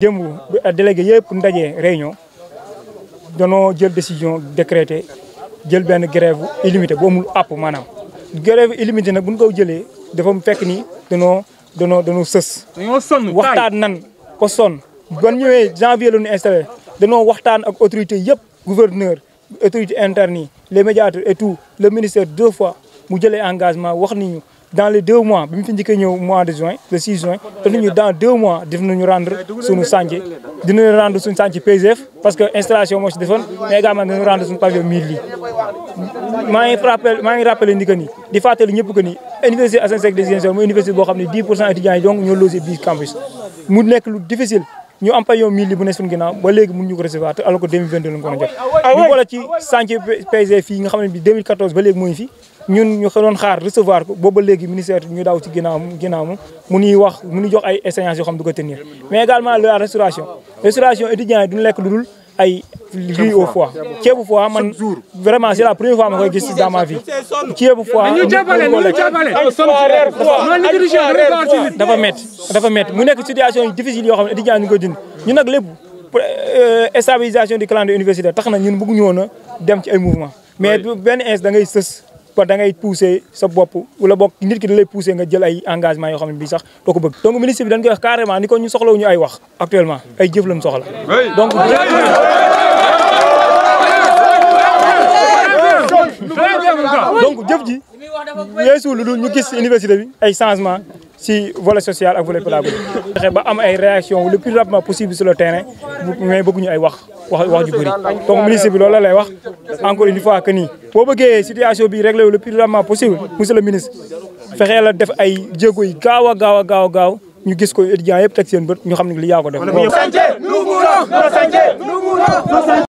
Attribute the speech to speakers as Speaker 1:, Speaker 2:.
Speaker 1: jëmb délégué yëpp ndaje réunion danoo jël décision décrété jël benn grève illimité bu amul àpp maanaam grève illimité nag bu ñu ko jëlee dafa fekk ni danoo danoo danoo sës. dañoo sonn waxtaan nan ko sonn. ban ñëwee janvier la ñu installé danoo waxtaan ak autorité yëpp gouverneur autorité interne yi les médiateurs et tout le ministère deux fois mu jëlee engagement wax ni dans les deux mois bi mu fi njëkkee mois de juin le 6 juin te ñu dans deux mois def nañu rendre suñu chantier dinañu rendre suñu chantier PSF parce que installation moo si defoon mais également dinañu rendre suñu pavillon mille lii maa ngi rappel maa ngi rappelé ni que ni di fàttali ñëpp que université Assane Seck de université boo xam 10 étudiants yi donc ñoo logé biir campus mu nekk lu difficile ñu am pavillon mille lii bu ne suñu ginnaaw ba léegi mun ñu ko recevoir te alors que 2022 lañ ko mën a jot ah ñu boole ci chantier PSF fii nga xam 2014 ba léegi mooy fi ñun ñu doon xaar recevoir ko booba léegi ministère ñu daw ci ginnaaw ginnaaw mu ñuy wax mu ñuy jox ay échéances yoo xam du ko tenir mais également la restauration restauration étudiants yi duñu lekk lu ay riz au foie ceebu foie man vraiment c'est la première fois ma koy gis dans ma vie ceebu foie dafa métti dafa métti mu nekk situation yu difficile yoo xam ne étudiants ñu koy dund ñu nag lépp euh, stabilisation du calendrier universitaire tax na ñun bëgguñu woon a dem ci ay mouvement mais benn ins da ngay sës kon da ngay pousser sa bopp wala boog nit ki da lay pousser nga jël ay engagement yoo xam ne bii sax doo ko bëgg donc ministre bi dañ koy wax carrément ni ko ñu soxlawuñu ay wax actuellement ay jëf lañ soxla donc donc jëf lu dul ñu gis université bi ay changement si volet social ak volet pédagogique Il ba a une réaction le plus rapidement possible sur le terrain mais beaucoup ay wax wax wax ju donc ministre bi la encore une fois que nii que que situation bi réglée le plus rapidement possible monsieur le ministre fexee la def ay jéego yi gaaw a nous nous ñu gis ko étudiants nous teg seen ñu